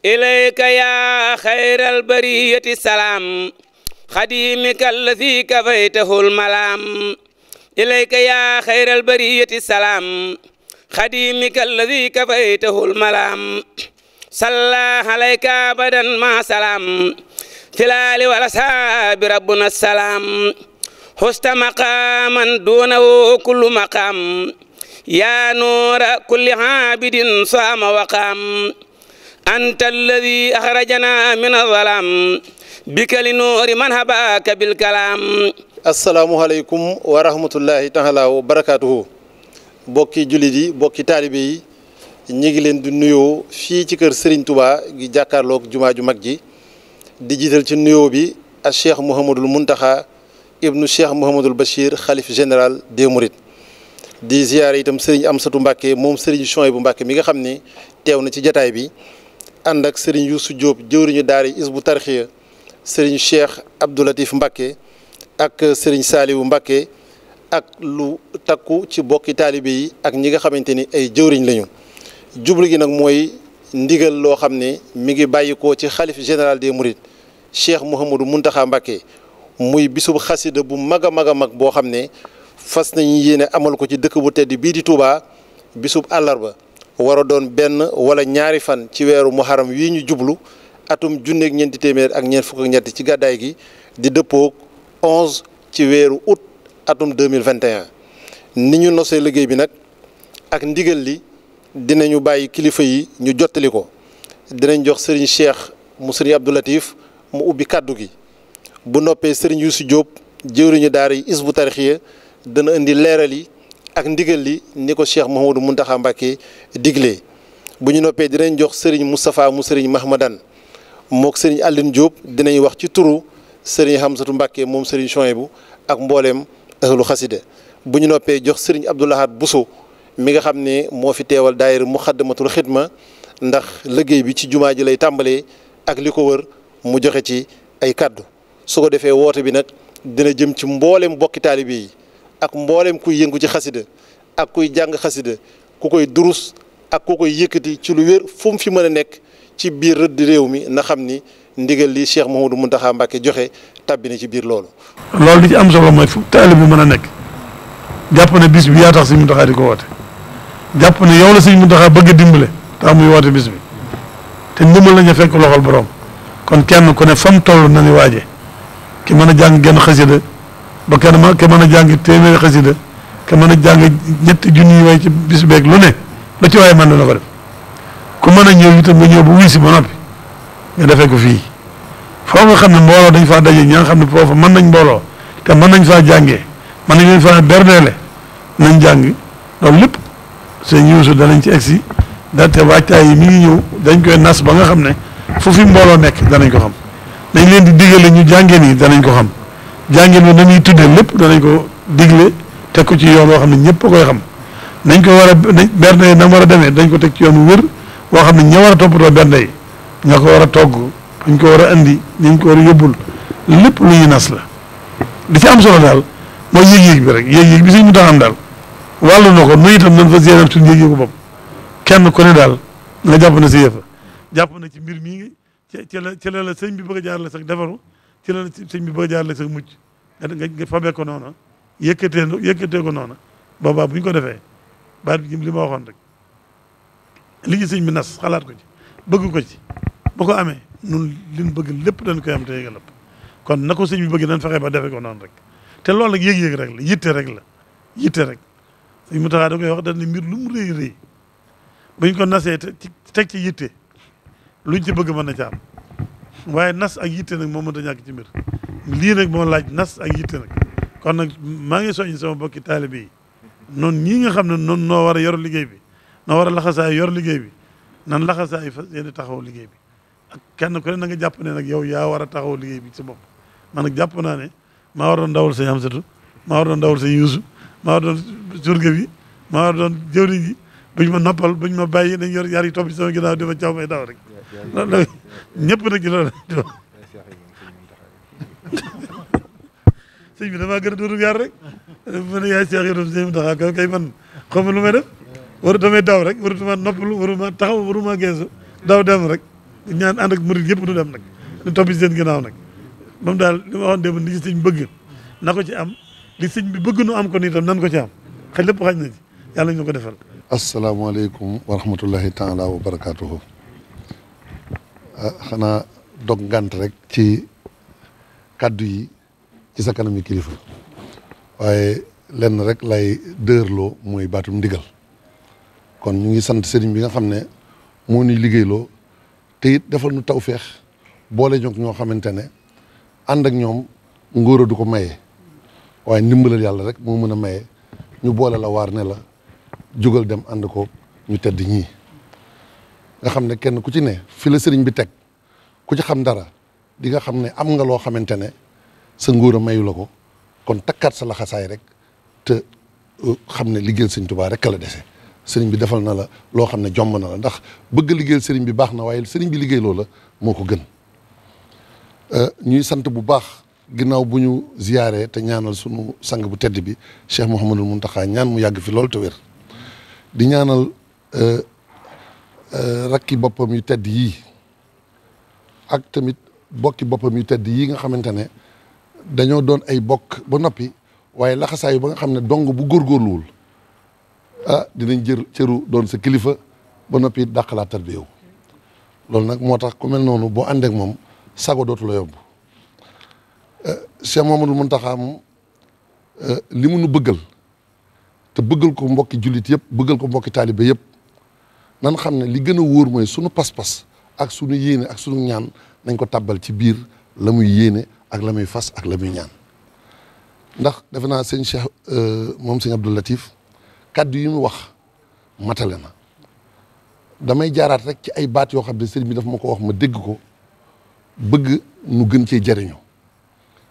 ilayka yaa xayral bariyati salaam xadimika allazi kafaytahul malaam ilayka yaa xayral bariyati salaam xadimika allazi kafaytahul malaam salla alayka abadan ma salaam filaali wala saabi rabbuna salaam husta maqaaman duunahu kullu maqaam yaa nuura kulli haabidin saama waqaam anta alladi axrajana min azalaam bika li nuuri man bil kalaam asalaamualeykum wa rahmatullahi taala wa bokki jullit yi bokki taalibe yi ñu ngi leen di nuyoo fii ci kër sëriñ Touba gi jàkkaarloog jumaa ju mag ji di jiital ci nuyoo bi ak cheikh Mouhamadul Mountakha ibnu cheikh Mouhamadul Bachir xalif général des Mourides di ziyaare itam Serigne Amsatou Mbacke moom Serigne Chouaïbou Mbacke mi nga xam ni teew na ci jataay bi. ànd ak sëriñ Youssou Diop jëwriñu daara Hizbut Tarqiyyah sëriñ Cheikh Abdou Latif Mbacké ak sëriñ Saliou Mbacké ak lu takku ci bokki taalibe yi ak ñi nga xamante ni ay jëwriñ lañu jublu gi nag mooy ndigal loo xam ne mu ngi bàyyikoo ci xalif général des Mourides Cheikh Mouhamadou muntaxa Mbacké muy bisub xasida bu mag a mag a mag boo xam ne fas nañ yéene amal ko ci dëkk bu tedd bii di Touba bisub àllarba war doon benn wala ñaari fan ci weeru muharam wii ñu jublu atum junneeg ñeenti téeméer ak ñeent fukk ñetti ci gàddaay gi di dëppoog 11 ci weeru août atum 2021 ni ñu nosee liggéey bi nag ak ndigal li dinañu bàyyi kilifa yi ñu jottali ko dinañ jox sëriñ Cheikh mu sëriñ Abdou Latif mu ubbi kàddu gi bu noppee sëriñ Youssou Diop jëwriñu daara yi Hizbut Tarqiyyah dana indi leeral yi ak ndigal li ni ko Cheikh Mouhamadou Mountakha Mbacké diglee bu ñu noppee dinañ jox Serigne Moustapha mu Serigne Mahmadan mook Serigne Aline Diop dinañ wax ci turu Serigne Hamsatu Mbacké moom Serigne Chouaïbou ak mbooleem ahlu xasida bu ñu noppee jox Serigne Abdoulahat Bousso mi nga xam ne moo fi teewal daayira Muxaddamatul Xidma ndax liggéey bi ci jumaa ji lay tàmbalee ak li ko wër mu joxe ci ay kàddu su ko defee woote bi nag dina jëm ci mbooleem bokki taalibe ak mbooleem kuy yëngu ci xasida ak kuy jàng xasida ku koy durus ak ku koy yëkkati ci lu wér fu mën a nekk ci biir rëdd réew mi na xam ni ndigal li Cheikh Mouhamadou Mountakha Mbacké joxe tàbbi na ci biir loolu. loolu li ci am solo mooy fu taalib bi mën a nekk jàpp na bis bi yaa tax sëñ Mountakha di ko woote jàpp ne yow la sëñ Mountakha bëgg dimbale tax muy woote bis bi te ndimbal lañu fekk loxol boroom kon kenn ku ne fam toll na ni waaje ki mën a jàng genn xasida ba kenn ma ke mën a jàng téeméeri xasida ke mën a jàng ñetti junni way ci bis beeg lu ne lu ci waaye mën na ko def ku mën a ñëw itam nga ñëw bu wisi ba noppi nga defee ko fii foo nga xam ne mbooloo dañ faa daje ñi xam ne foofu mën nañ mbooloo te mën nañ faa jàngee mën nañ leen faa berdeele nañ jàng loolu lépp seen danañ ci egsi date waajtaay yi mi ngi ñëw dañ koy nas ba nga xam ne fu fi mbooloo nekk danañ ko xam dañ leen di digale ñu jàngee nii danañ ko xam jàngin bi na muy tuddee lépp danañ ko digle teg ko ci yoon woo xam ne ñëpp koy xam nañ ko war a bernde yi na war a demee dañ ko teg ci yoon wu wér woo xam ne ña war a toppatoo bernde yi ña ko war a togg dañ ko war a andi dañ ko war a yóbbul lépp lu ñu nas la di ci am solo daal mooy yéeg-yéeg bi rek yéeg-yéeg bi suñ mu tax am daal wàllu na ko nu itam nañ fa séenam suñ yéeg-yéegu bopp kenn ku ne daal nga jàpp na si yëfa jàpp na ci mbir mii ci la ci la la sëñ bi bëgg a jaar la sax defaru ci la sëñ bi bëgg jaarale sa mucc nga nga fabee ko noona yëkkatee yëkkatee ko noona booba bu ñu ko defee baat bi li ma waxoon rek li ci sëñ bi nas xalaat ko ci bëgg ko ci bu ko amee nun liñ bëgg lépp dañ koy am te yëgal kon na ko sëñ bi bëgg nañ fexe ba defee ko noonu rek te loolu nag yéeg-yéeg rek la yitte rek la yitte rek mu taxaa da koy wax dañ ne mbir lu mu rëy rëy buñ ko nasee te teg ci yitte luñ ci bëgg mën na ci am waaye nas ak yitte nag moom mënta ñàkk ci mbir lii nag moo laaj nas ak yitte nag kon nag maa ngi soññ sama bokki taalibe yi noonu ñii nga xam ne noonu noo war a yor liggéey bi noo war a laxasaay yor liggéey bi nan laxasaay fas yéene taxaw liggéey bi ak kenn ku ne na nga jàpp ne nag yow yaa war a taxaw liggéey bi ci bopp man nag jàpp naa ne maa war doon dawal sa Amsatu maa war doon dawal sa Yuusu maa war doon surga maa war doon jëwriñ ji duñ ma noppal duñ ma bàyyi dañ yor yar yi topp ci sama ginnaaw di ma caw may daw rek loolu nag ci loolu sëñ bi damaa gën a dóorub yar rek mu ne yaay Cheikh Yérim bi taxaw kay man xaw ma lu may def daw rek warutuma noppalu waruma taxaw waruma geesu daw dem rek ñaan ànd ak murit yëpp du dem nag du topp ci seen ginnaaw nag moom daal li ma waxoon démb li ci sëñ bëgg na ci am li sëñ bi bëgg nu am ko nii tam nan ko ci am xëy lépp xañ na ci yàlla ñu ko defal asalaamaaleykum wa rahmatullahi taala wa barakaatuhu ah, xanaa dog ngant rek ci kàddu yi ci sa kanami kilifa waaye lenn rek lay dërloo muy baatum ndigal kon ñu ngi sant sëriñ bi nga xam ne moo ñuy liggéeyloo te defal nu taw feex boole ñoog ñoo xamante ne ànd ak ñoom ngóor du ko maye waaye ndimbalal yàlla rek moo mën a maye ñu boole la waar ne la jógal dem ànd ko ñu tedd ñii nga xam ne kenn ku ci ne fi la sëriñ bi teg ku ci xam dara di nga xam ne am nga loo xamante ne sa nguur a mayu la ko kon takkaat sa laxasaay rek te euh, xam ne liggéeyal sëriñ Tuubaa rek la dese sëriñ bi defal na la loo xam ne jomb na la ndax bëgg liggéeyal sëriñ bi baax na waaye sëriñ bi liggéey loo la moo ko gën euh, ñuy sant bu baax ginnaaw bu ñu ziyaaree te ñaanal sunu sang bu tedd bi Cheikh mun taxaa ñaan mu yàgg fi lool te di ñaanal euh, euh, rakki boppam yu tedd yii ak tamit bokki boppam yu tedd yii nga xamante ne dañoo doon ay bokk ba noppi waaye laxasaay ba nga xam ne dong bu góor góorgóorluwul ah dinañ jër cëru doon sa kilifa ba noppi dàqalaa tarbiya loolu nag moo tax ku mel noonu boo ànd moom sago dootu la yomb euh, Cheikh Mamadou Mountakha li mu nu bëggal te bëggal ko mbokki jullit yëpp bëggal ko mbokki taalibe yëpp nan xam ne li gën a wóor mooy sunu pas-pas ak sunu yéene ak sunu ñaan nañ ko tàbbal ci biir la muy yéene ak la muy fas ak la muy ñaan ndax defe naa sëñ Cheikh euh, moom sëñ Abdou Latif kaddu yi mu wax matale na damay jaaraat rek ci ay baat yoo xam ne sëriñ bi daf ma ko wax ma dégg ko bëgg nu gën ci jariñoo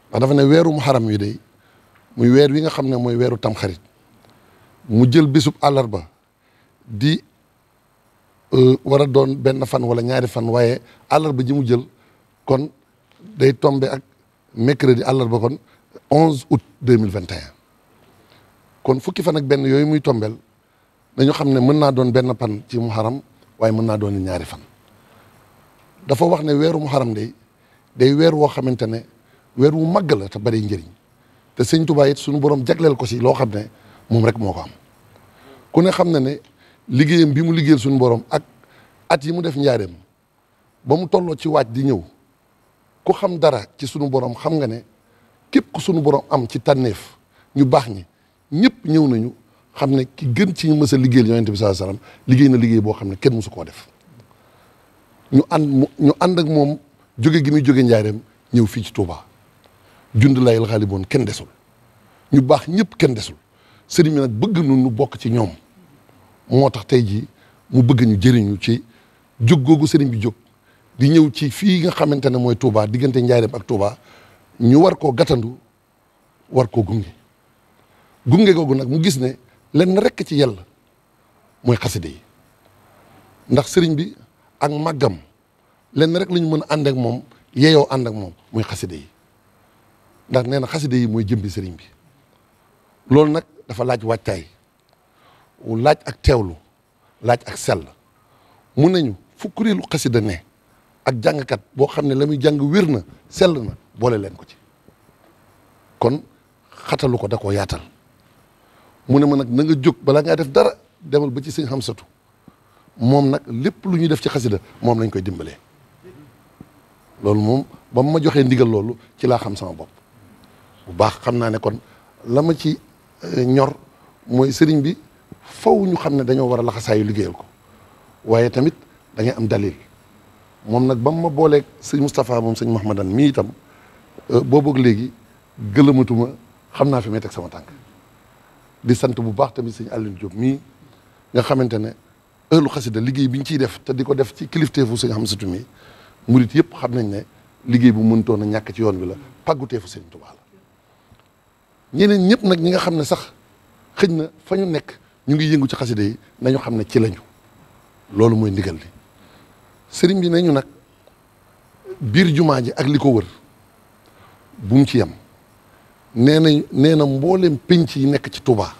ndax dafa ne weeru muharram yi day muy weer wi nga xam ne mooy weeru tamxarit mu jël bisub àllarba di euh, war a doon benn fan wala ñaari fan waaye àllarba ji mu jël kon day tombe ak mercredi àllarba kon 11 août 2021 kon fukki fan ak benn yooyu muy tombel dañu xam ne mën naa doon benn pan ci muharam waaye mën naa doon ñaari fan dafa wax ne weeru muharam day day weer woo xamante ne weer wu màgg la te bari njëriñ te sëñ Tuubaa suñu borom jagleel ko si loo xam ne moom rek moo ko am ku ne xam na ne liggéeyam bi mu liggéeyal suñu borom ak at yi mu def njaareem ba mu tolloo ci waaj di ñëw ku xam dara ci sunu borom xam nga ne képp ku sunu borom am ci tànneef ñu baax ñi ñëpp ñëw nañu xam ne ki gën ci mës a liggéeyal yonent bi sallallahu liggéey na liggéey boo xam ne kenn mësu koo def ñu ànd ànd ak moom jóge gi muy jóge njaareem ñëw fii ci Touba jund layil kenn desul ñu baax ñëpp kenn desul sëriñ bi nag bëgg nu nu bokk ci ñoom moo tax tey jii mu bëgg ñu jëriñu ci jóg googu sëriñ bi jóg di ñëw ci fii nga xamante ne mooy Touba diggante Njaareem ak Touba ñu war koo gàttandu war koo gunge gunge googu nag mu gis ne lenn rekk ci yàlla mooy xaside yi ndax sëriñ bi ak màggam lenn rek la mën a ànd moom yeeyoo ànd ak moom mooy xaside yi ndax neen na xaside yi mooy jëmbi sëriñ bi loolu nag dafa laaj wu laaj ak teewlu laaj ak sell mun nañu fu kuréelu xasida ne ak jàngkat boo xam ne la muy jàng wér na sell na boole leen ko ci kon xatalu ko da koo yaatal mu ne ma nag na nga jóg balaa ngaa def dara demal ba ci sëñ xamsatu moom nag lépp lu ñuy def ci xasida moom lañ koy dimbalee loolu moom ba ma joxee ndigal loolu ci laa xam sama bopp bu baax xam naa ne kon la ma ci ñor mooy sëriñ bi faw ñu xam ne dañoo war a laxasaayu liggéeyal ko waaye tamit da am dalil moom nag ba mu ma booleeg sëñ Moustapha moom sëñ Mahmadan mii itam euh, boobu léegi gëlëmatuma xam naa fi may teg sama tànk di sant bu baax tamit sëñ Alioune Diop mii nga xamante ne ëllu xasida liggéey bi ñu ciy def te di ko def ci kilifteefu sëñ Hamsatu mii murit yëpp xam nañ ne liggéey bu mëntoon a ñàkk ci yoon bi la pàgguteefu sëñ Tuubaa ñeneen ñëpp nag ñi nga xam ne sax xëj na fa ñu nekk ñu ngi yëngu ci xasida yi nañu xam ne ci lañu loolu mooy ndigal li sëriñ bi nañu nag biir jumaa ji ak li ko wër bu ci yem nee na nee na mbooleem pénc yi nekk ci Touba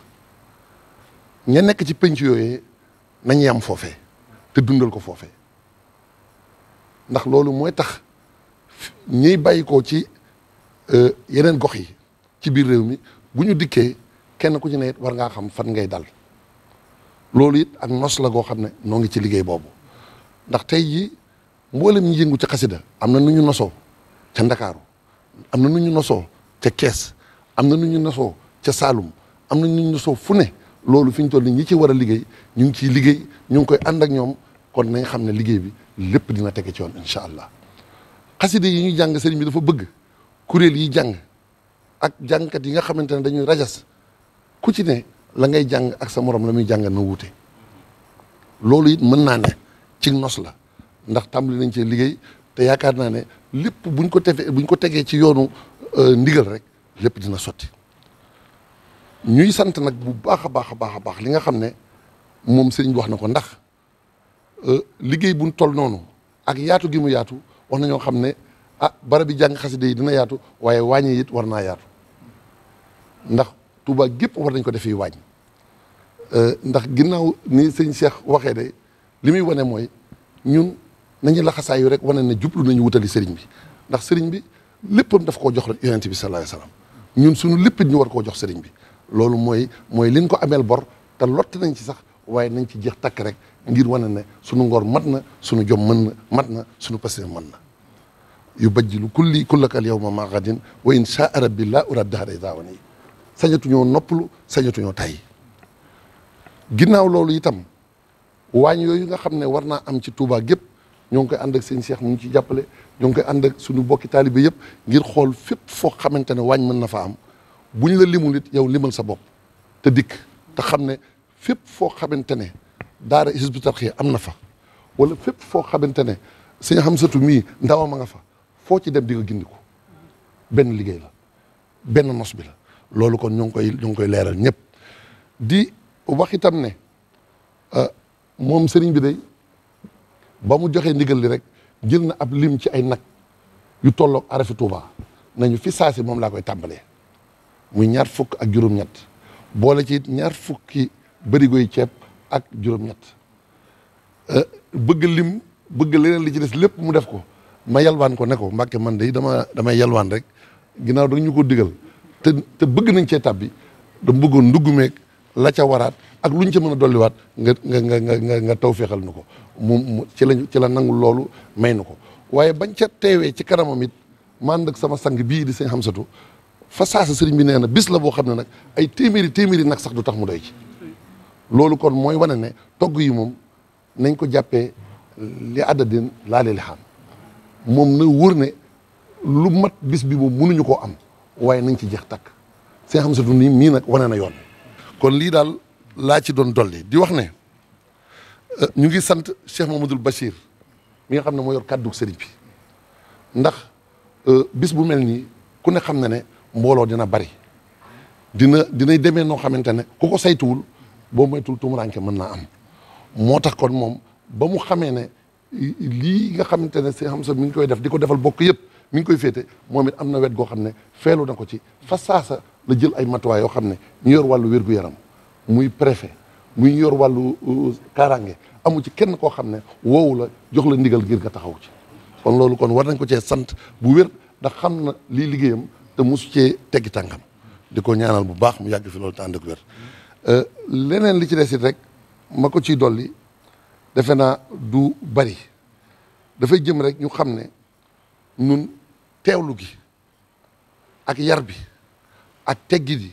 ña nekk ci pénc yooyu nañu yem foofe te dundal ko foofe ndax loolu mooy tax ñiy bàyyi ko ci euh, yeneen gox yi ci biir réew mi bu ñu dikkee kenn ku ci ne it war ngaa xam fan ngay dal loolu it ak nos la goo xam ne noo ngi ci liggéey boobu ndax tey jii mboolem ñi ci xasida am na nu ñu nosoo ca Ndakaaru am na nu ñu nosoo ca Kees am na nu ñu nosoo ca Saalum am na nu ñu fu ne loolu fi ñu toll nii ñi ci war a liggéey ñu ngi ciy liggéey ñu ngi koy ànd ak ñoom kon nañ xam ne liggéey bi lépp dina tege ci yoon incha allah xasida yi ñu jàng sëriñ bi dafa bëgg kuréel yi jàng. ak jàngkat yi nga xamante ne dañuy rajas ku ci ne la ngay jàng ak sa morom la muy jàng na wuute loolu it mën naa ne ci nos la ndax tàmbali nañ cee liggéey te yaakaar naa ne lépp buñ ko tefee buñ ko tegee ci yoonu euh, ndigal rek lépp dina sotti ñuy sant nag bu baax a baax a baax a baax li nga xam ne moom sëriñ bi wax na ko ndax euh, liggéey buñ toll noonu ak yaatu gi mu yaatu wax na ñoo xam ne ah barab bi jàng xasida yi dina yaatu waaye wàññi it war naa yaatu ndax Touba gépp war nañ ko def fii waañ euh, ndax ginnaaw ni sëñ Cheikh waxee de li muy wane mooy ñun nañu laxasaayu rek wane na jublu nañu wutali sëriñ bi ndax sëriñ bi léppam daf ko jox rek yonent bi sallallahu alayhi wasallam ñun suñu léppit ñu war koo jox sëriñ bi loolu mooy mooy liñ ko ameel bor te lott nañ ci sax waaye nañ ci jeex takk rek ngir wane ne sunu ngor mat na sunu jom mën na mat na sunu passé mën na yubajjilu kulli kullakal yawma ma ghadin wa in shaa rabbi laa urad dahra idaawani sañatuñoo noppalu sañatuñoo tàyyi ginnaaw loolu itam waañ yooyu nga xam ne war naa am ci Touba gépp ñoo ngi koy ànd ak seen seex mu ngi ci jàppale ñoo ngi koy ànd ak suñu bokki taalibe yëpp ngir xool fépp foo xamante ne waañ mën na fa am buñ la limul it yow limal sa bopp te dikk te xam ne fépp foo xamante ne daara Hizbut Tarqiyyah am na fa wala fépp foo xamante ne xam Hamsatu mii ndawam a nga fa foo ci dem di nga gindi ko benn liggéey la benn nos bi la loolu kon ñu ngi koy ñu koy leeral ñëpp di wax itam ne euh, moom sëriñ bi day ba mu joxee ndigal li rek jël na ab lim ci ay nag yu tolloog arafi Touba nañu fi saasi moom laa koy tàmbalee muy ñaar fukk ak juróom-ñett boole ci ñaar fukki bërigoy ceeb ak juróom-ñett euh, bëgg lim bëgg leneen li ci des lépp mu def ko ma yalwaan ko ne ko Mbàkke man de dama damay yalwaan rek ginnaaw da ñu ko digal te te bëgg nañ cee tàbbi dama bëggoon ndugg meeg la ca waraat ak lu ñu ca mën a dolliwaat nga nga nga nga nga taw feexal nu ko mu ci lañ ci la nangul loolu may nu ko waaye bañ ca teewee ci kanamam it man nag sama sang bii di sëñ Xamsatu fa saasa sëriñ bi nee na bis la boo xam ne nag ay téeméeri téeméeri nag sax du tax mu day ci loolu kon mooy wane ne togg yi moom nañ ko jàppee li àddadin laa lee li xam moom na wër ne lu mat bis bi moom mënuñu koo am waaye nañ ci jeex takk seen xam satu ni mii nag wane na yoon kon lii daal laa ci doon dolli di wax ne euh, ñu ngi sant Cheikh Mamadou Bachir mi nga xam ne moo yor kàddu sëriñ bi ndax euh, bis bu mel nii ku ne xam na ne mbooloo dina bari dina dinay demee noo xamante ne ku ko saytuwul boo moytul tumuraanke mën naa am moo tax kon moom ba mu xamee ne lii nga xamante ne Cheikh Hamza mi ngi koy def di ko defal bokk yëpp mi ngi koy féete moom it am na wet goo xam ne feelu na ko ci fa saasa la jël ay matuwaay yoo xam ne ñu yor wàllu wér-gu-yaram muy préfet muy yor wàllu euh, kaaraange amu ci kenn koo xam ne woowu la jox la ndigal ngir nga taxaw ci kon loolu kon war nañ ko cee sant bu wér ndax xam na lii liggéeyam te mosu cee teggi tànkam di ko ñaanal bu baax mu yàgg fi loolu te ànd ak wér euh, leneen li ci des rek ma ko ciy dolli defe naa du bari dafay jëm rek ñu xam ne teewlu gi ak yar bi ak teggi yi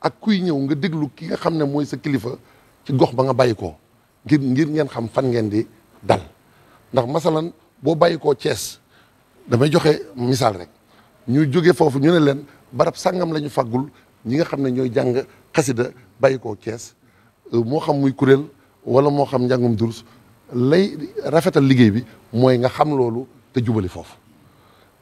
ak kuy ñëw nga déglu kii nga xam ne mooy sa kilifa ci gox ba nga bàyyi koo ngir ngir ngeen xam fan ngeen di dal ndax masalan boo bàyyi koo Cees damay joxe misaal rek ñu jóge foofu ñu ne leen barab sàngam la ñu faggul ñi nga xam ne ñooy jàng xasida bàyyi koo Cees euh, moo xam muy kuréel wala moo xam njàngum durus lay rafetal liggéey bi mooy nga xam loolu te jubali foofu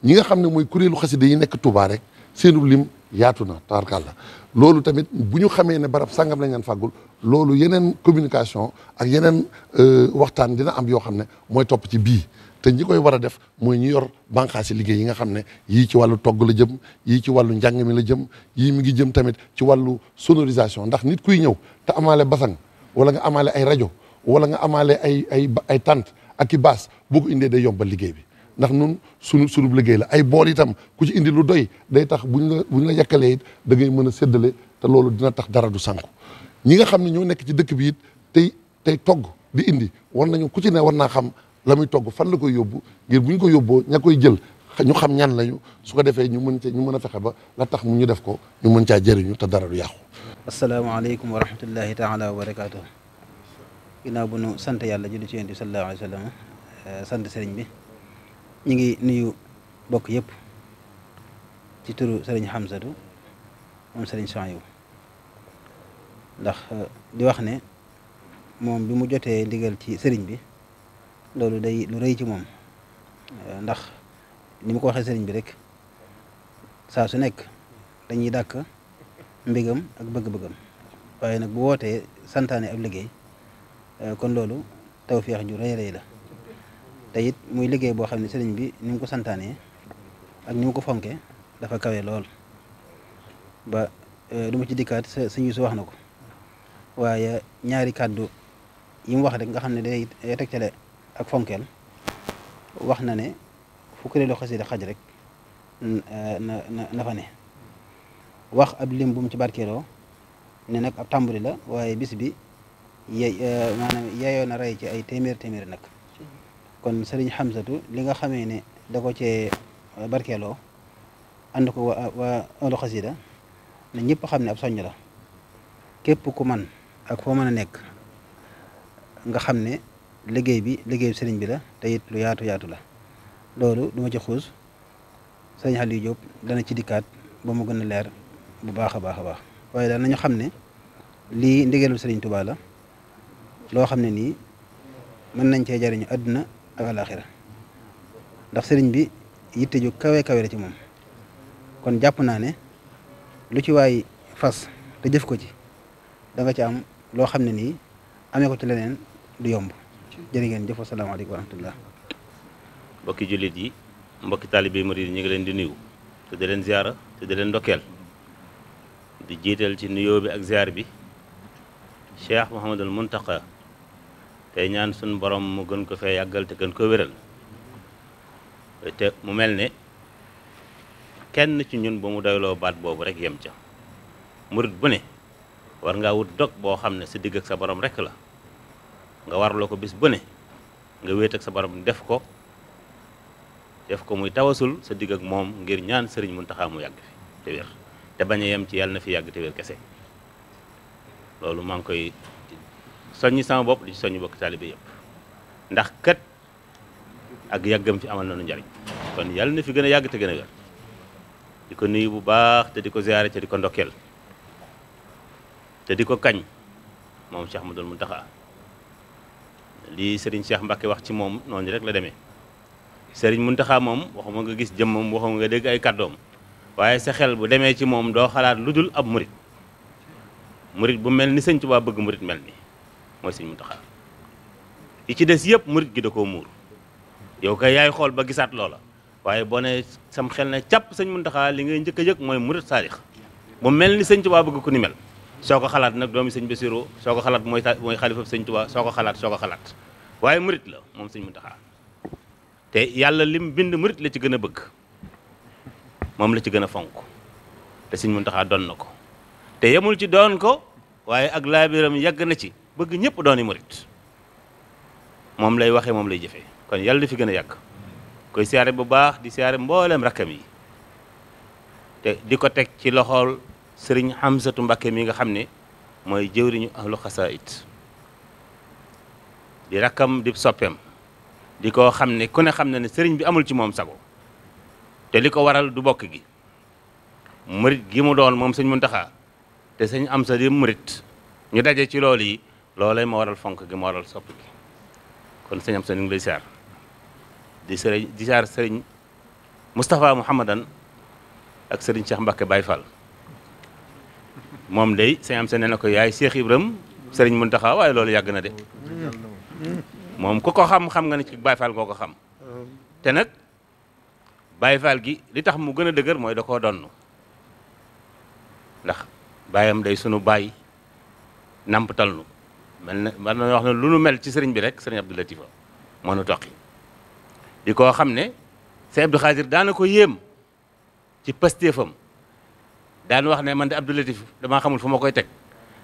ñi nga xam ne mooy kuréelu xasida yi nekk Touba rek seenu lim yaatu na taarkàlla loolu tamit bu ñu xamee ne barab sangam lañ leen fàggul loolu yeneen communication ak yeneen euh, waxtaan dina am yoo xam ne mooy topp ci bii te ñi koy war a def mooy ñu yor bànqaasi liggéey yi nga xam ne yii ci wàllu togg la jëm yii ci wàllu njàng mi la jëm yii mi ngi jëm tamit ci wàllu sonorisation ndax nit kuy ñëw te amaale basang wala nga amaale ay rajo wala nga amaale ay ay ay tante ak i baas boo indee day yombal liggéey bi ndax nun sunu sunu liggéey la ay bool itam ku ci indi lu doy day tax bu ñu buñ la yàkkalee it da ngay mën a séddale te loolu dina tax dara du sànku ñi nga xam ne ñoo nekk ci dëkk bi it tey tey togg di indi war nañu ku ci ne war naa xam la muy togg fan la koy yóbbu ngir ñu ko yóbboo ña koy jël ñu xam ñan lañu su ko defee ñu mën cee ñu mën a fexe ba la tax mu ñu def ko ñu mën caa jëriñu te dara du yàqu. asalaamaaleykum wa rahmatullahi taala wa barakaatu. ginnaaw bu nu sant yàlla julli ci yonent bi sallallahu alayhi eh, sant sëriñ bi. ñu ngi nuyu bokk yëpp ci turu sëriñ Hamzatu moom sëriñ Sohaybu ndax euh, di wax ne moom bi mu jotee ndigal ci sëriñ bi loolu day lu rëy ci moom euh, ndax ni mu ko waxee sëriñ bi rek saa su nekk dañuy dàkk mbégam ak bëgg-bëggam waaye nag bu wootee santaane ab liggéey euh, kon loolu tawféex ju rëy rëy la te it muy liggéey boo xam ne sëriñ bi ni mu ko santaanee ak ni ko fonke dafa kawe lool ba eh, du ci dikkaat sa sëñ su wax na ko waaye ñaari kàddu yi mu wax rek nga xam ne day tegtale ak fonkeel wax na ne fu kuréelu xasida xaj rek eh, na na ne wax ab lim bum ci barkeeloo ne nag ab tàmbali la waaye bis bi ye eh, maanaam yeeyoo na rey ci ay téeméer téeméer nag kon sëriñ xamsatu li nga xamee ne da ko cee uh, barkeeloo ànd ko waa uh, waa ahlu na ñëpp xam ne ab soññ la képp ku man ak foo mën a nekk nga xam ne liggéey bi liggéey sëriñ bi la te it lu yaatu yaatu la loolu duma ci xuus sëriñ dana ci dikkaat ba mu gën a leer bu baax a baax a baax waaye daal nañu xam ne lii ndigalul sëriñ Tuubaa la loo xam ne nii mën nañ cee jariñu àdduna ak alaxira ndax sëriñ bi yitte ju kawe kawe la ci moom kon jàpp naa ne lu ci waay fas te jëf ko ci danga ci am loo xam ne nii amee ko ci leneen du yomb jërë ngeen jëf wasalaamaaleykum wa rahmatullah mbokki jullit yi mbokki taalibe murid yi ñu ngi leen di nuyu te di leen ziara te di leen ndokkeel di jiital ci nuyoo bi ak ziar bi Cheikh Mouhamadul Mountakha tey ñaan suñu borom mu gën ko fee yàggal te gën ko wéral te mu mel ne kenn ci ñun ba mu doyloo baat boobu rek yem ca murit bu ne war ngaa wut dog boo xam ne sa digg ak sa borom rek la nga warloo ko bis bu ne nga wéet ak sa borom def ko def ko muy tawasul sa digg ak moom ngir ñaan sëriñ Muntaxa mu yàgg fi te wér te bañ a yem ci yàlla na fi yàgg te wér kese loolu maa ngi koy soññi sama bopp di soññi bokk taalibe yëpp ndax kat ak yàggam fi amal nañu njariñ kon yàlla na fi gën a yàgg te gën a wér di ko nuyu bu baax te di ko ziyaare te di ko ndokkeel te di ko kañ moom Cheikh Ahmadoul Mountakha lii sëriñ Cheikh Mbacké wax ci moom noonu rek la demee sëriñ mun taxaa moom waxuma nga gis jëmmam waxuma nga dégg ay kàddoom waaye sa xel bu demee ci moom doo xalaat lu dul ab murit murit bu mel ni Sëñ Tuubaa bëgg murit mel ni mooy sëñ Muntaxa yi ci des yëpp murit gi da koo muur yow kay yaay xool ba gisaat loola waaye boo ne sam xel ne càpp sëñ Muntaxa li ngay njëkka a mooy murit saadix mu mel ni sëñ Tuubaa bëgg ko ni mel soo ko xalaat nag doomi sañ Basiru soo ko xalaat mooy mooy xalifa sëñ Tuubaa soo ko xalaat soo ko xalaat waaye murit la moom sañ Muntaxa te yàlla lim bind murit la ci gën a bëgg moom la ci gën a fonk te sëñ Muntaxa doon na ko te yemul ci doon ko waaye bëgg ñëpp dooni murit moom lay waxee moom lay jëfee kon yàlla na fi gën a yàgg koy siyaare bu baax di siyaare mbooleem rakkam yi te di ko teg ci loxool sëriñ Hamsatu Mbakke mi nga xam ne mooy jëwriñu ahlu xasaayit di rakkam di soppeem di ko xam ne ku ne xam ne ne sëriñ bi amul ci moom sago te li ko waral du bokk gi murit gi mu doon moom sëñ Muntaxa te sëñ Amsa di murit ñu daje ci loolu yi loolee ma waral fonk gi ma waral sopp gi kon sëñ am sa ñu ngi di sëriñ di siyaar sëriñ Moustapha Mouhamadan ak sëriñ seex Mbacke Baye Fall moom day sëñ am sa nee na ko yaay Cheikh Ibrahim sëriñ taxaw waaye loolu yàgg na de moom ku ko xam xam nga ne ci Baye Fall koo ko xam te nag Baye Fall gi li tax mu gën a dëgër mooy da koo donn ndax baayam day sunu baay nampatal nu mel na man na wax ne lu nu mel ci sëriñ bi rek sëriñ Abdou Latif moo nu toqi di koo xam ne sëriñ Abdou Khadir daana ko yéem ci pastéefam daan wax ne man de Abdou Latif damaa xamul fu ma koy teg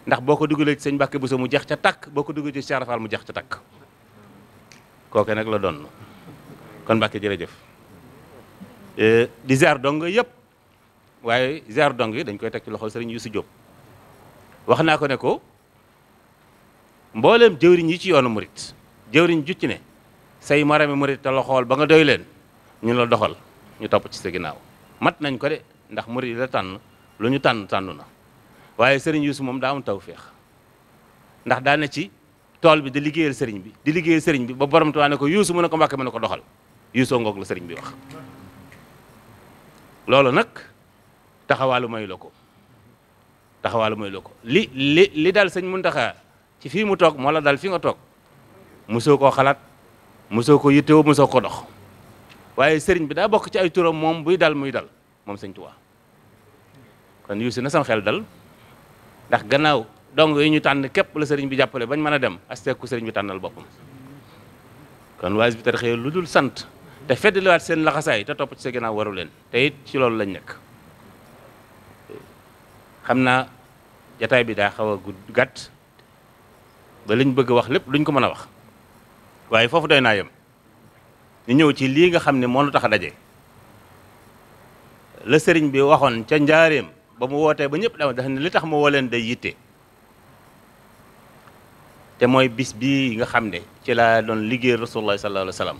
ndax boo ko dugalee ci sëñ bu Buso mu jeex ca takk boo ko dugalee ci Cheikh Rafal mu jeex ca takk kooke nag la doon kon Mbàkke jërëjëf eh, di ziar dong yëpp waaye ziar dong yi dañ koy teg ci loxol sëriñ Youssou Diop wax naa ko ne ko mbooleem jëwriñ yi ci yoonu murit jëwriñ ju ci ne say marami murit te la xool ba nga doy leen ñu la doxal ñu topp ci sa ginnaaw mat nañ ko de ndax murit la tànn lu ñu tànn tànnu na waaye sëriñ Yuusu moom daa am feex ndax daa ne ci tool bi di liggéeyal sëriñ bi di liggéeyal sëriñ bi ba borom te ne ko Yuusu mu ne ko Mbàkke mu ne ko doxal Yuusoo ngoog la sëriñ bi wax loolu nag taxawaalu may ko taxawaalu may la ko li li li daal sëñ Muntaxa ci fii mu toog moo la dal fi nga toog mosoo koo xalaat mosoo ko yittewoo mosoo ko dox waaye sëriñ bi daa bokk ci ay turam moom buy daal muy dal moom sëñ Tuubaa kon yuusi na sam xel dal ndax gannaaw dong yi ñu tànn képp la sëriñ bi jàppale bañ mën a dem asteeku sëriñ bi tànnal boppam kon waas bi tarixee lu dul sant te feddliwaat seen laxasaay te topp ci sa ginnaaw waru leen te ci loolu lañ nekk xam naa jataay bi daa xaw a gudd gàtt ba liñ bëgg wax lépp luñ ko mën a wax waaye foofu doy naa yem ñu ñëw ci lii nga xam ne moo nu tax a daje la sëriñ bi waxoon ca njaareem ba mu wootee ba ñëpp dama dafa ne li tax ma woo leen day yitte te mooy bis bii nga xam ne ci laa doon liggéey rasulullah sallallahu alayhi wa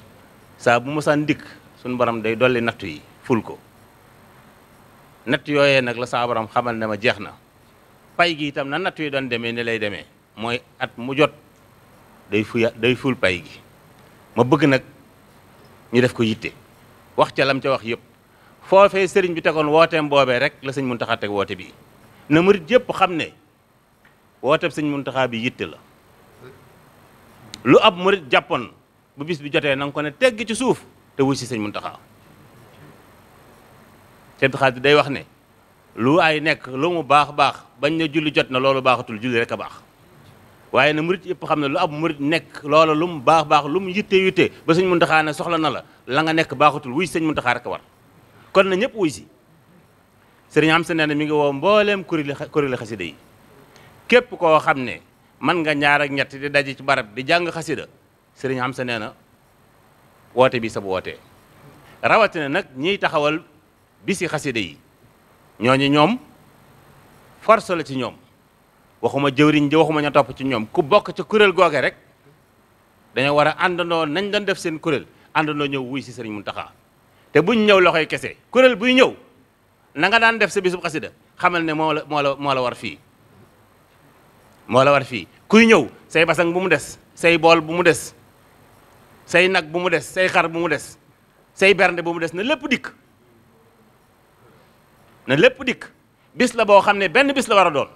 saa bu mosaan dikk sunu borom day dolli nattu yi ful ko natt yooyee nag la saa borom xamal ne ma jeex na pay gi itam na nattu yi doon demee ni lay demee mooy at mu jot day fuya day ful pay gi ma bëgg nag ñu def ko yitte wax ca lam ca wax yëpp foofee sëriñ bi tegoon wooteem boobee rek la sëñ muntaxaa teg woote bi na murit yëpp xam ne wooteeb sëñ muntaxaa bi yitte la lu ab murit jàppoon bu bis bi jotee na ko ne tegg ci suuf te wuy si sëñ Muntaxa Sëñ Xaadir day wax ne lu ay nekk lu mu baax baax bañ ne julli jot na loolu baaxatul julli rek a baax waaye na murit yëpp xam ne lu ab murit nekk loola lu mu baax baax lu mu yitte yitte ba sëñ xaa ne soxla na la la nga nekk baaxutul wuy sëñ Muntaxa rek war kon na ñëpp wuy si sëriñ am sa nee na mi ngi woo mbooleem kuréeli kuréeli xasida yi képp koo xam ne mën nga ñaar ak ñett di daje ci barab di jàng xasida sëriñ am sa nee na woote bi sab wootee rawatina nag ñiy taxawal bisi xasida yi ñooñu ñoom forse la ci ñoom waxuma jëwriñ ji waxuma ña topp ci ñoom ku bokk ca kuréel googe rek dañoo war a àndandoo nañ doon def seen kuréel àndandoo ñëw wuy si sëriñ Muntaxa te buñ ñëw loxoy kese kuréel buy ñëw na nga daan def sa bisub xasida xamal ne moo la moo la moo la war fii moo la war fii kuy ñëw say basang bu mu des say bool bu mu des say nag bu mu des say xar bu mu des say bernde bu mu des na lépp dikk na lépp dikk bis la boo xam ne benn bis la war a doon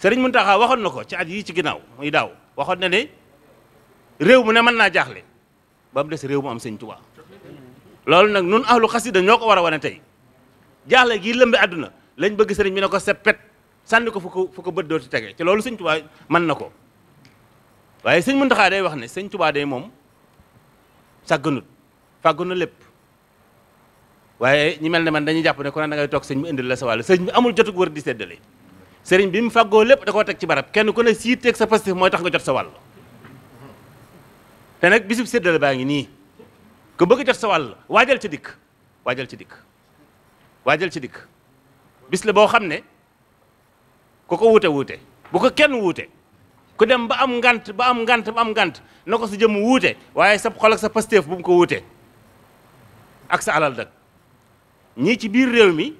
Sëriñ mun Muntaxa waxoon na ko ci at yii ci ginnaaw muy daaw waxoon na ne réew mu ne mën naa jaaxle ba mu des réew mu am sëñ Tuubaa loolu nag nun ahlu xasida ñoo ko war a wane tey jaaxle gii lëmbi àdduna lañ bëgg sëriñ bi ne ko seppet sànni ko fu ko ko bët dooti tege ci loolu sëñ Tuubaa mën na ko waaye sëñ Muntaxa day wax ne sëñ Tuubaa de moom sàgganut fàggu na lépp waaye ñi mel ne man dañuy jàpp ne ku a da ngay toog sëñ bi indil la sa sëñ bi amul jotuk wër di seddale sëriñ bi mu fàggoo lépp da koo teg ci barab kenn ku ne sii teg sa pastif mooy tax nga jot sa wàll te nag bisub seddale baa ngi nii ko bëgg jot sa wàll waajal ci dikk waajal ci dikk waajal ci dikk bis la boo xam ne ko ko wuute wuute bu ko kenn wuute ku dem ba am ngant ba am ngant ba am ngant na ko sa jëm wuute waaye sa xol sa pastéef bu mu ko wuute ak sa alal dag ñii ci biir réew mi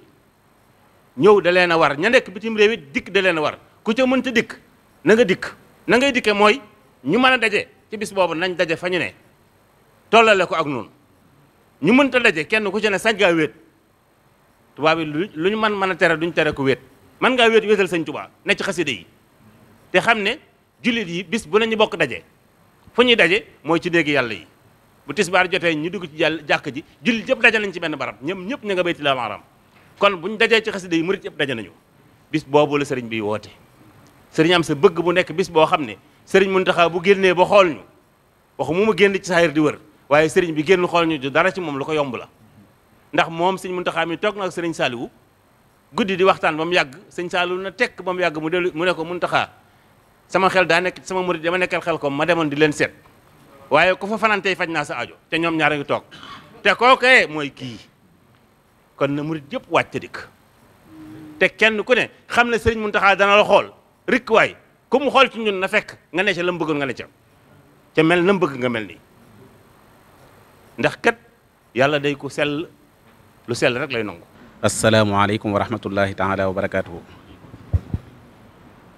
ñëw da leen a war ña nekk bitim réew it dikk da leen a war ku ca mënta dikk na nga dikk na ngay dikke mooy ñu mën a daje ci bis boobu nañ daje fa ñu ne tollale ko ak noonu ñu mënta daje kenn ku ci sañ gaa wéet tubaab lu ñu mën mën a tere duñ tere ko wéet man ngaa wéet wéetal sëñ Tuubaa ne ci xasida yi te xam ne jullit yi bis bu ne ñu bokk daje fu ñuy daje mooy ci néegi yàlla yi bu tisbaar jotee ñu dugg ci jàll jàkk ji jullit yëpp daje nañ ci benn barab ñoom ñëpp ñu nga béyti la maaram kon bu ñu dajee ci xasida yi murit yëpp daje nañu bis boobu la sëriñ bi woote sëriñ am sa bëgg bu nekk bis boo xam ne sëriñ Muntaxa bu génnee ba xool ñu waxu mu ma génn ci saayir di wër waaye sëriñ bi génn xool ñu du dara ci moom lu ko yomb la ndax moom sëriñ Muntaxa mi toog na ak sëriñ Saaliwu guddi di waxtaan ba mu yàgg sëñ Saaliwu na tekk ba mu yàgg mu dellu mu ne ko Muntaxa sama xel daa nekk sama murit dama nekkal xel ko ma demoon di leen seet waaye ku fa fanaan faj naa sa ajo te ñoom ñaar a ngi toog te kooku eh, mooy kii kon na murit yëpp wàcc te dikk te kenn ku ne xam ne sëriñ Muntaxa dana la xool rikk waay ku xool ci ñun na fekk nga ne ca la mu nga mel na mu bëgg nga mel nii ndax kat yàlla day ko sell lu sell rek lay nangu. asalaamaaleykum wa rahmatullahi taala wa barakaatuhu.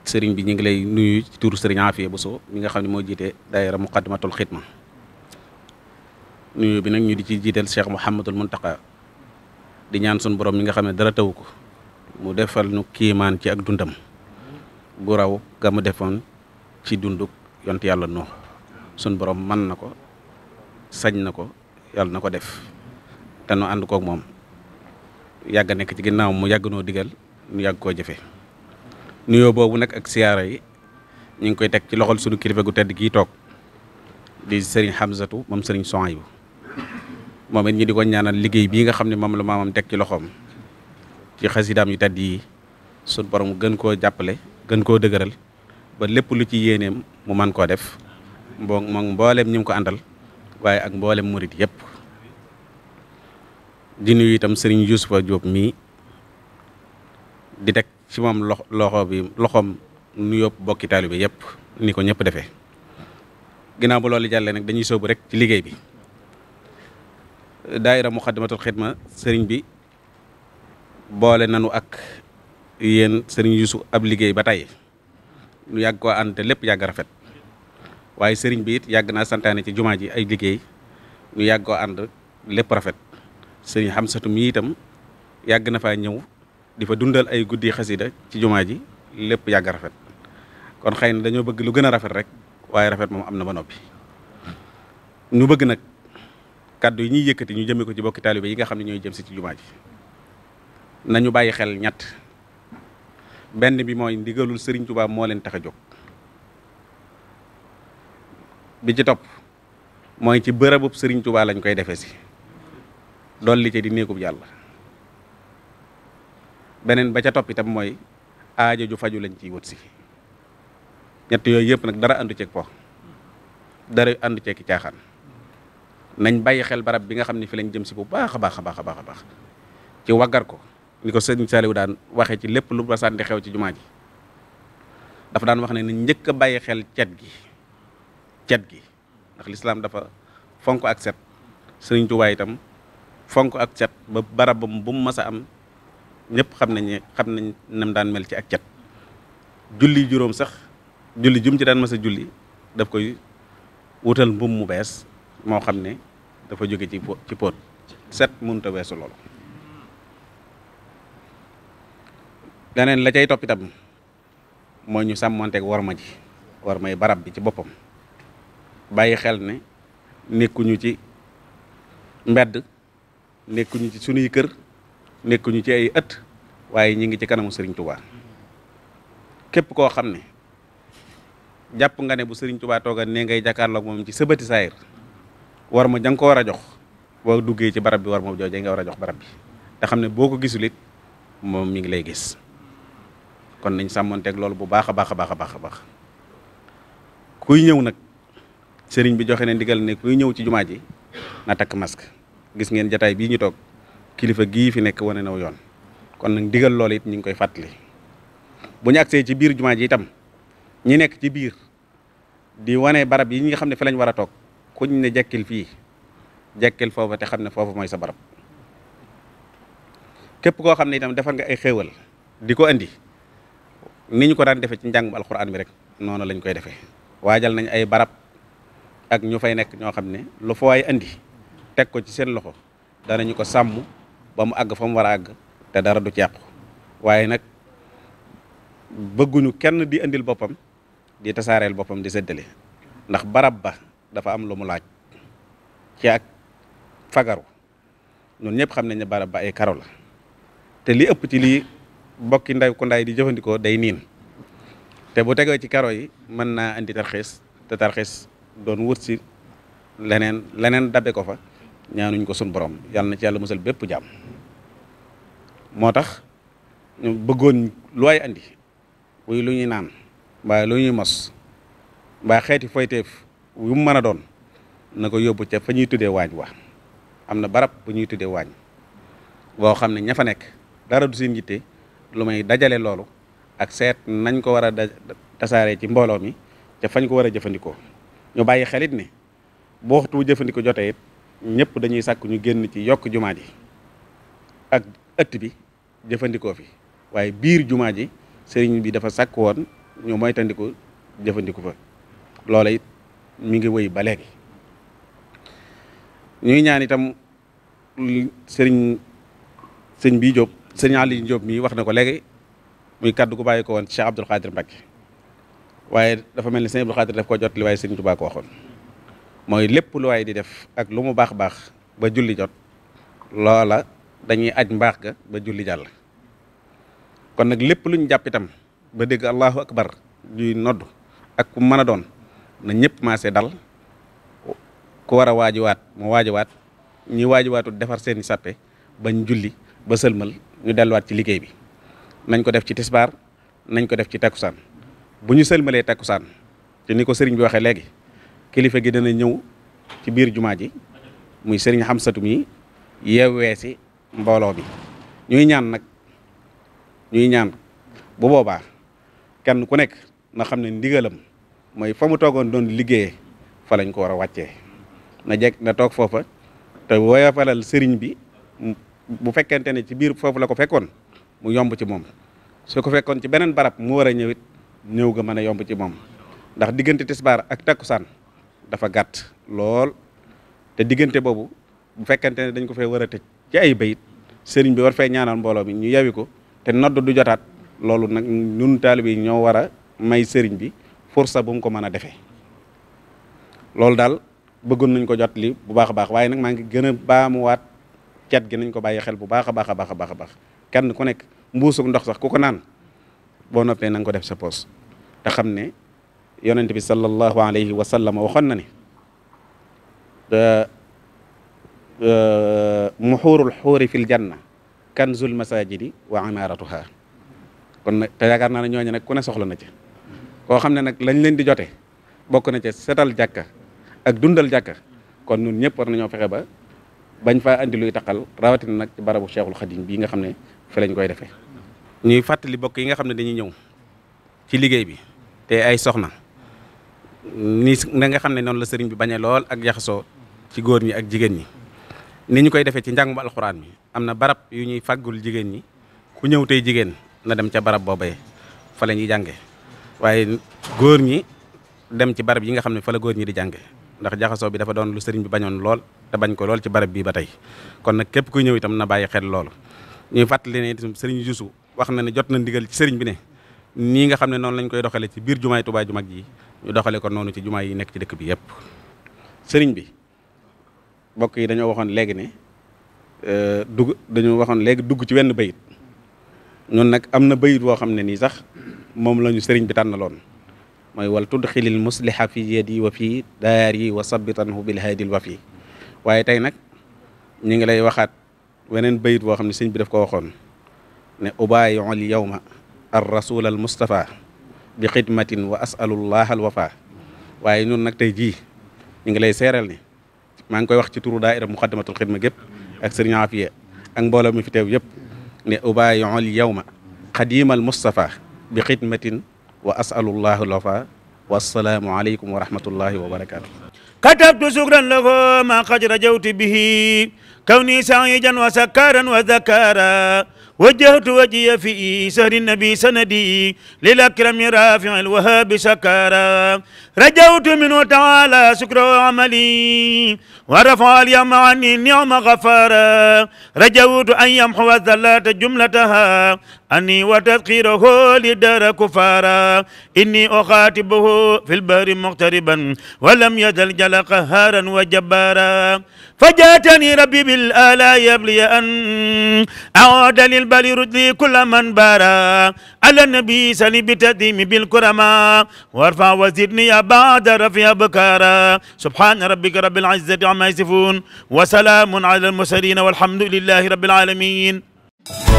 sëriñ bi ñu ngi lay nuyu ci turu sëriñ Afia Bousso mi nga xam ne moo jiite daayira muqaddimatul xidma nuyu bi nag ñu di ci jiital Cheikh Mouhamadul Muntaqa di ñaan sun borom mi nga xam ne dara taw ko mu defal nu kiimaan ci ak dundam gu raw ga mu defoon ci dunduk yont yàlla Nuux sun borom man na ko sañ na ko yàlla na ko def te nu ànd kook moom yàgg nekk ci ginnaaw mu yàgg noo digal nu yàgg koo jëfe nuyoo boobu nag ak siyaara yi ñu ngi koy teg ci loxol sunu kilifa gu tedd gii toog di sëriñ Hamzatu moom sëriñ Sohaybu moom it ñu di ko ñaanal liggéey bii nga xam ne moom la maamam teg ci loxoom ci xasidaam yu tedd yi sun borom gën koo jàppale gën koo dëgëral ba lépp lu ci yéeneem mu man koo def mbo mbooleem ñu ko àndal waaye ak mbooleem murit yëpp di nuyu itam sëriñ Youssoufa Diop mii di teg ci moom loxo loxo bi loxoom nuyoo bokki taalibe yëpp ni ko ñëpp defee ginnaaw bu loolu jàllee nag dañuy sóobu rek ci liggéey bi daayira Muxaddamatul Xidma sëriñ bi boole nanu ak yéen sëriñ Yuusu ab liggéey ba tey ñu yàgg koo ànd te lépp yàgg rafet waaye sëriñ bi it yàgg naa santaane ci jumaa ji ay liggéey ñu yàgg koo ànd lépp rafet sëriñ Xamsatu mi itam yàgg na faa ñëw di fa dundal ay guddi xasida ci jumaa ji lépp yàgg rafet kon xëy na dañoo bëgg lu gën a rafet rek waaye rafet moom am na ba noppi ñu bëgg nag kaddu yi ñuy yëkkati ñu jëmee ko ci bokki taalibe yi nga xam ne ñooy jëm si ci jumaa ji nañu bàyyi xel ñett benn bi mooy ndigalul Sëriñ Tuubaa moo leen tax a jóg bi ci topp mooy ci bërëbub Sëriñ Tuubaa lañ koy defe si dolli ci di néegub yàlla beneen ba ca topp itam mooy aaja ju faju lañ ciy wut si ñett yooyu yëpp nag dara àndu ceeg po dara àndu ceeg caaxaan nañ bàyyi xel barab bi nga xam ne fi lañ jëm si bu baax a baax a baax a baax ci waggar ko ni ko sëñ Saliou daan waxee ci lépp lu basaan di xew ci jumaa ji dafa daan wax ne nañ njëkk a bàyyi xel cet gi cet gi ndax lislaam dafa fonk ak set sëriñ Tuubaa itam fonk ak cet ba barabam bu mu mas a am ñëpp xam nañ xam nañ nam daan mel ci ak cet julli juróom sax julli jum ci daan mas a julli daf koy wutal mbubb mu bees moo xam ne dafa jóge ci ci póot set mënuta weesu loolu leneen la cay topp itam mooy ñu sàmmanteeg warma ji warmay barab bi ci boppam bàyyi xel ne nekkuñu ci mbedd nekkuñu ci sunuy kër nekkuñu ci ay ëtt waaye ñi ngi ci kanamu Serigne Touba képp koo xam ne jàpp nga ne bu Serigne Touba tooga ne ngay jàkkaarloog moom ci sëbati saayir war ma ja ko war a jox boo duggee ci barab bi war ma joojee nga war a jox barab bi te xam ne boo ko gisul it moom mi ngi lay gis kon nañ teg loolu bu baax a baax a baax a baax a baax kuy ñëw nag sëriñ bi joxe ne ndigal ne kuy ñëw ci jumaa ji na takk mask gis ngeen jataay bii ñu toog kilifa gi fi nekk wane na yoon kon nag ndigal loolu it ñu ngi koy fàttali bu ñu agsee ci biir jumaa ji itam ñi nekk ci biir di wane barab yi ñi nga xam ne fi lañ war a toog kuñ ne jekkil fii jekkil foofa te xam ne foofu mooy sa barab képp koo xam ne itam defar nga ay xéewal di ko andi ni ñu ko daan defee ci njàngum alxuraan mi rek noonu lañ koy defee waajal nañ ay barab ak ñu fay nekk ñoo xam ne lu fa waay andi teg ko ci seen loxo danañu ko sàmm ba mu àgg fa mu war a àgg te dara du ci yàqu waaye nag bëgguñu kenn di andil boppam di tasaareel boppam di séddale ndax barab ba dafa am lu mu laaj ci ak fagaru ñun ñëpp xam nañ ne barab ba ay karo la te li ëpp ci lii bokki ndaw ku ndaay di jëfandikoo day niin te bu tegoo ci karo yi mën naa indi tarxiis te tarxiis doon wut si leneen leneen dabe ko fa ñaanuñ ko sun borom yàlla na ci yàlla musal bépp jàmm moo tax ñu bëggoon looy andi muy lu ñuy naan mbaa lu ñuy mos mbaa xeeti foyteef yu mu mën a doon na ko yóbbu ca fa ñuy tuddee waañ wa am na barab bu ñuy tuddee waañ boo xam ne ña fa nekk dara du seen yitte lu may dajale loolu ak seet nañ ko war a tasaaree ci mbooloo mi te fañ ko war a jëfandikoo ñu bàyyi xelit ne bu waxtu jëfandikoo jote it ñëpp dañuy sàkk ñu génn ci yokk jumaa ji ak ëtt bi jëfandikoo fi waaye biir jumaa ji sëriñ bi dafa sàkk woon ñu moytandiku jëfandiku fa loola it mi ngi woy ba léegi ñuy ñaan itam sëriñ sëñ bii Diop sëñ Aliou Diop wax na ko léegi muy kaddu gu bàyyi ko woon Cheikh Abdoul Khadir Mbacke waaye dafa mel ni sëñ Abdoul Khadir daf ko jot li waaye sëñ Touba waxoon mooy lépp lu waay di def ak lu mu baax baax ba julli jot loola dañuy aj mbaax ga ba julli jàll kon nag lépp luñ jàpp ba dégg allahu akbar juy nodd ak ku mën a doon na ñëpp maase dal ku war a waajiwaat mu waat ñi waajiwaatu defar seeni sàppe bañ julli ba sëlmal ñu delluwaat ci liggéey bi nañ ko def ci tisbaar nañ ko def ci takkusaan bu ñu sëlmalee takkusaan te ni ko sëriñ bi waxee léegi kilifa gi dana ñëw ci biir jumaa ji muy sëriñ Xamsatu mi yeewee si mbooloo bi ñuy ñaan nag ñuy ñaan bu boobaa kenn ku nekk na xam ne ndigalam mooy fa mu toogoon doon liggéeyee fa lañ ko war a wàccee na jekk na toog foofa te woyofalal sëriñ bi bu fekkente ne ci biir foofu la ko fekkoon mu yomb ci moom su ko fekkoon ci beneen barab mu war a ñëwit ñëw ga mën a yomb ci moom ndax diggante tisbaar ak saan dafa gàtt lool te diggante boobu bu fekkente ne dañ ko fee war a tëj ci ay bayit sëriñ bi war fee ñaanal mbooloo mi ñu yawi ko te nodd du jotaat loolu nag ñun taalibe yi ñoo war a may sëriñ bi forsa bu mu ko mën a defee loolu daal bëggoon nañ ko jot li bu baax a baax waaye nag maa ngi gën a baamuwaat cet gi nañ ko bàyyi xel bu baax a baax a baax a baax a baax kenn ku nekk mbuusuk ndox sax ku ko naan boo noppee na ko def sa poos te xam ne yonent bi sallallahu alayhi wa sallam waxoon na ne muxuurul xuuri fil janna kanzul masajidi wa imaratuha kon nag te yaakaar naa ne ñooñu nag ku ne soxla na ci koo xam ne nag lañ leen di jote bokk na ca setal jàkka ak dundal jàkka kon ñun ñëpp war nañoo fexe ba bañ fa andi luy taqal rawatina nag ci barabu Cheikhul Khadim bii nga xam ne fi lañ koy defee. ñuy fàttali bokk yi nga xam ne dañuy ñëw ci liggéey bi te ay soxna ni na nga xam ne noonu la sëriñ bi bañee lool ak jaxasoo ci góor ñi ak jigéen ñi. ni ñu koy defee ci njàngum alxuraan bi am na barab yu ñuy fàggul jigéen ñi ku ñëw tey jigéen na dem ca barab boobee fa la ñuy jàngee. waaye góor ñi dem ci barab yi nga xam ne fa góor ñi di jànge ndax jaxasoo bi dafa doon lu sëriñ bi bañoon lool te bañ ko lool ci barab bii ba tey kon nag képp kuy ñëw itam na bàyyi xel loolu ñuy fàttali ne itam sëriñ wax na ne jot na ndigal ci sëriñ bi ne nii nga xam ne noonu lañ koy doxale ci biir jumaay Tuubaa mag ji doxale ko noonu ci jumaa yi nekk ci dëkk bi yépp sëriñ bi mbokk yi dañoo waxoon léegi ne euh, dugg dañoo waxoon léegi dugg ci wenn bayit ñun nag am na bayit woo xam ne nii sax moom la ñu sëriñ bi loon mooy wal tudxilil musliha fi yadi wa fi daari wa sabitanhu bil haadil fi waaye tey nag ñu ngi lay waxaat weneen bayit boo xam ne sëñ bi daf ko waxoon ne ubaayiul yawma ar rasul al mustafa bi xidmatin wa asalullah al waaye ñun nag tey ji ñu ngi lay seeral maa ngi koy wax ci turu daaira muqaddamatul xidma gépp ak sëriñ Afiya ak mbooloo mi fi teew yëpp ne ubaayiul yawma xadimal mustafa bi xidmatin wa asalullahu lafa wassalaamu aleykum wa rahmatullahi wa barakaatu katabtu sukran lahu ma qad rajawtu bihi kawni saijan wa sakaran wa zakara wajjahtu wajhiya fi sahri nabi sanadi lil akrami rafi'i lwahabi sakara rajawtu minhu taala sukra wa amali wa rafa'a al-yama anni ni'ma ghafara rajawtu an yamhu wa dhallata jumlataha أني وتذكيره لدار كفارا إني أخاطبه في البر مغتربا ولم يزل جل قهارا وجبارا فجاتني ربي بالآلاء يبلي أن أعود للبر رجلي كل من بارا على النبي سلي بتديم بالكرما وارفع وزدني بعد رفيع بكارا سبحان ربك رب العزة عما يصفون وسلام على المرسلين والحمد لله رب العالمين